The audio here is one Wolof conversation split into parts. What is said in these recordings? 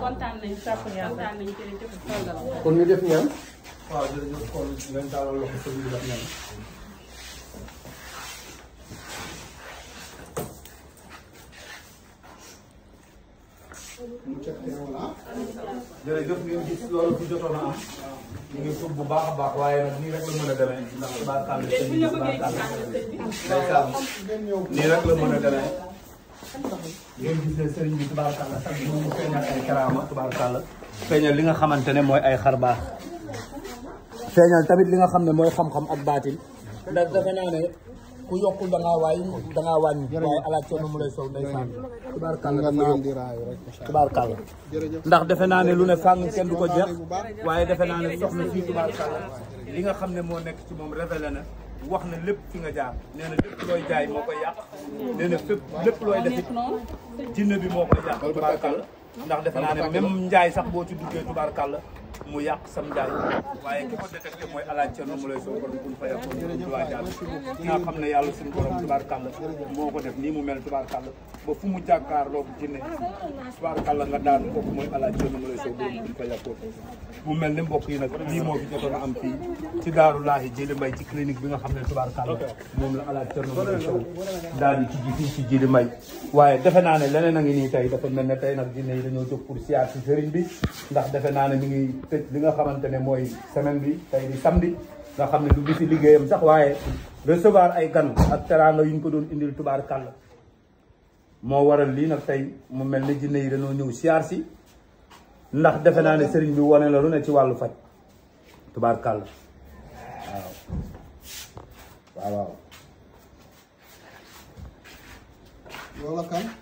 kontaan nañu sàpp yàlla kontaan nañu jërëjëf kon ñu def ñaan. waaw jërëjëf kon ngeen taalal loxo sëñ bi def ñaan. Ah. jërëjëf ngeen gis loolu fi jotoon a am. ñu ngi tuub bu baax a baax waaye nag nii rek la mën a demee ndax baakaar la sëñ bi baakaar la sëñ bi. nii rek la mën a demee. ngeen gis ne sëriñ feeñal li nga xamante ne mooy ay xarbaa baax feeñal tamit li nga xam ne mooy xam-xam ak baatin ndax defe naa ne ku yokkul da ngaa waay da ngaa wàññi waaye alaaj coono mu lay sow ndeysaan tubaarkàlla dafa yokk ndax defe naa ne lu ne fàng kenn du ko jeex waaye defe naa ne soxna fii tubaarkàlla li nga xam ne moo nekk ci moom révélé na wax na lépp fi nga jaar nee na lépp looy jaay moo koy yàq nee na fépp lépp looy defit jinne bi moo koy yàq tubaarkàlla ndax defe naa ne même njaay sax boo ci duggee tubaarkàlla mu yàq sam njaay waaye ki ko détecté mooy alaaj Thierno Moulay Sow borom bu ñu fa yàqoon Touba Diallo nga yàlla suñu borom tubaarkàlla moo ko def nii mu mel tubaarkàlla ba fu mu jàkkaarloo ci ne tubaarkàlla nga daan kooku mooy alaaj Thierno Moulay Sow borom bu ñu fa yàqoon mu mel ne mbokk yi nag lii moo fi jotoon a am fii ci daaru laahi Djily Mbaye ci clinique bi nga xam ne tubaarkàlla a la alaaj Thierno Moulay Sow daal di ci fii ci waaye defe naa ne leneen a ngi nii tey dafa mel ne tey nag jinne yi dañoo ndax defe naa ne mi ngi tëj li nga xamante ne mooy semaine bi tey di samedi nga xam ne du bisi liggéeyam sax waaye recevoir ay gan ak teraanga yu ñu ko doon indil tubaar kàll moo waral lii nag tey mu mel ni jinne yi dañoo ñëw siyaar si ndax defe naa ne sëriñ bi wane la lu ne ci wàllu faj tubaar kàll waaw waaw waaw.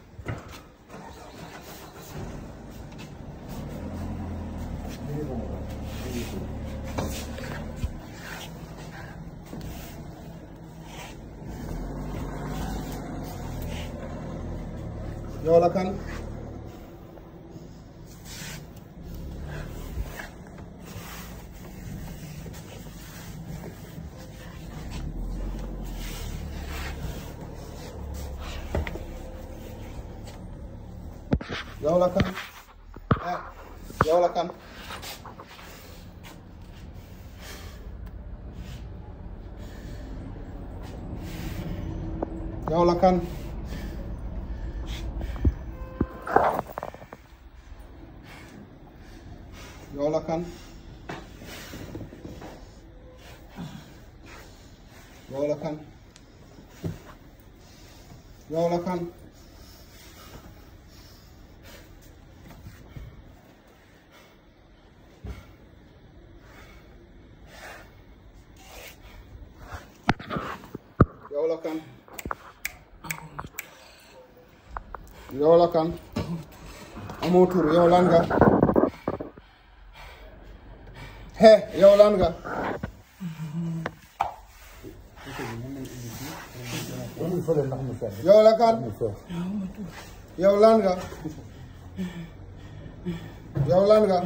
yow la kan yow la kan ah la kan yow la kan yow la kan yow la kan yow la kan yow la kan yow la kan amoo tur yow lan nga he yow lan nga. yow la kan. yow lan nga. yow lan nga.